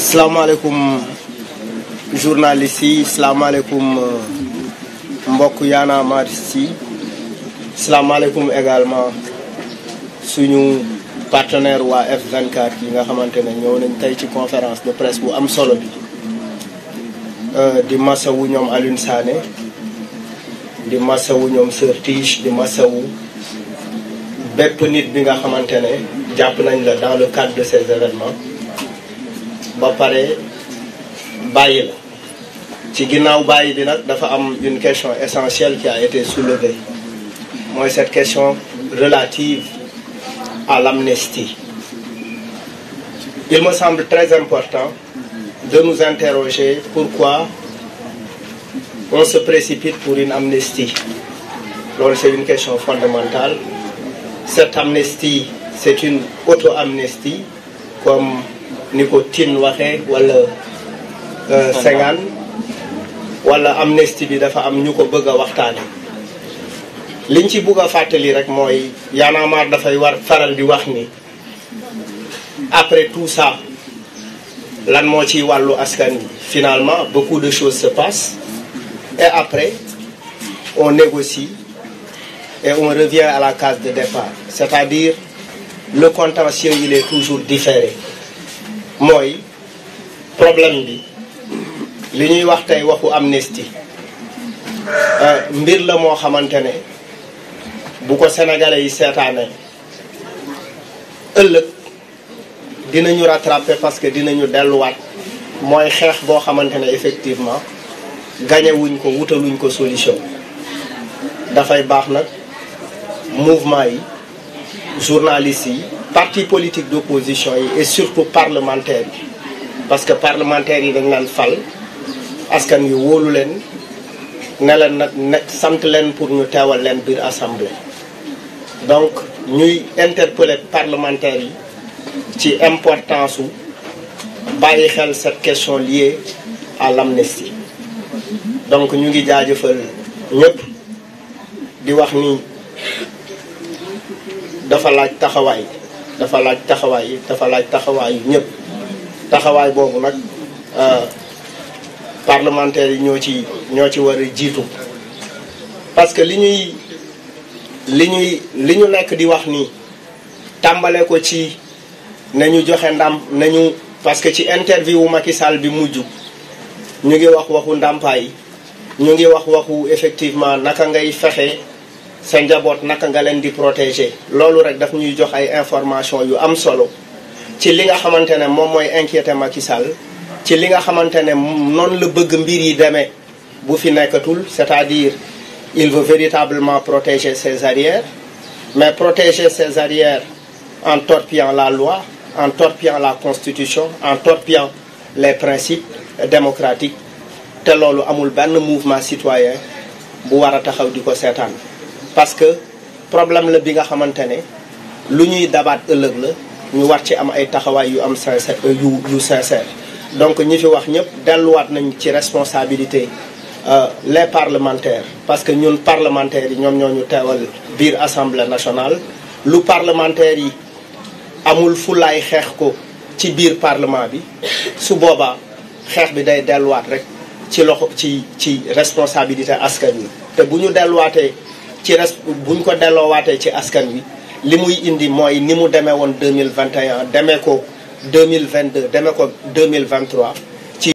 salaamaaleykum journaliste salam salaamaaleykum euh, mbokk Y'en a salam yi également suñu partenaire wa F24 qui nga xamantene ne ñëw nañ une ci conférence de presse bu am solo bi euh, di massawu ñom Alioune Sané di massawu ñom Sœur Tige di massawu bépp nit bi nga xamantene japp nañ la dans le cadre de ces événements Bapare, baye ci dafa une question essentielle qui a été soulevée Moi, cette question relative à l'amnistie il me semble très important de nous interroger pourquoi on se précipite pour une amnistie Alors c'est une question fondamentale cette amnistie c'est une auto-amnistie comme ni ko tin ou wala euh, Senghane wala amnistie bi dafa am ñuko bëgg a liñ ci bëgg a rek moy Y'en a marre y war faral di wax ni après tout ça lan mo ci walu askan finalement beaucoup de choses se passent et après on négocie et on revient à la case de départ c'est-à-dire le contentieux il est toujours différé mooy problème bi li ñuy wax tey waxu amnistie euh, mbir la moo xamante ne bu ko sénégalais yi seetaane ëllëg dinañu rattraper parce que dinañu delluwaat mooy xeex boo xamante ne effectivement gañewuñ ko wutaluñ ko solution dafay baax nag mouvement yi journalistes yi parti politique d'opposition et surtout parlementaires parce que parlementaires yi dañ un fal askan ont les leen ne leen nag pour nous faire l'assemblée biir assemblée. donc interpellons les parlementaires yi ci de su cette question liée à l'amnestie. donc nous ngi fait nous di wax ni dafa laaj taxawaay. dafa laaj taxawaay dafa laaj taxawaay ñëpp taxawaay boobu nag euh, parlementaires yi ñoo ci ñoo ci war a jiitu parce que li ñuy li ñuy li ñu nekk di wax nii tàmbale ko ci nañu joxe ndam nañu parce que ci interview Macky Sall bi mujj ñu ngi wax waxu ndàmpaay ñu ngi wax waxu effectivement naka ngay fexe sa njaboot naka nga leen di protéger loolu rek daf ñuy jox ay information yu am solo ci li nga xamante ne moom mooy inquiété Macky Sall ci li nga xamante ne noonu la bëgg mbir yi demee bu fi nekkatul c'est-à-dire il veut véritablement protéger ses arrières mais protéger ses arrières en torpillant la loi en torpillant la constitution en torpillant les principes démocratiques te loolu amul benn mouvement citoyen bu war a taxaw di ko parce que problème la bi nga xamante ne lu ñuy dabaat ëllëg la ñu war ci am ay taxawaay yu am sincère euh, yu yu donc ñi fi wax ñëpp delluwaat nañ ci responsabilité euh, les parlementaires parce que ñun parlementaire yi ñoom ñoo ñu teewal biir assemblée nationale lu parlementaire yi amul fulaay xeex ko ci biir parlement bi su boobaa xeex bi day delluwaat rek ci loxo ci ci responsabilité askan wi te bu ñu delluwaatee ci res buñ ko delloowaatee ci askan wi li muy indi mooy ni mu demee woon deux mille vingt et un demee ko deux mille vingt deux demee ko deux mille vingt trois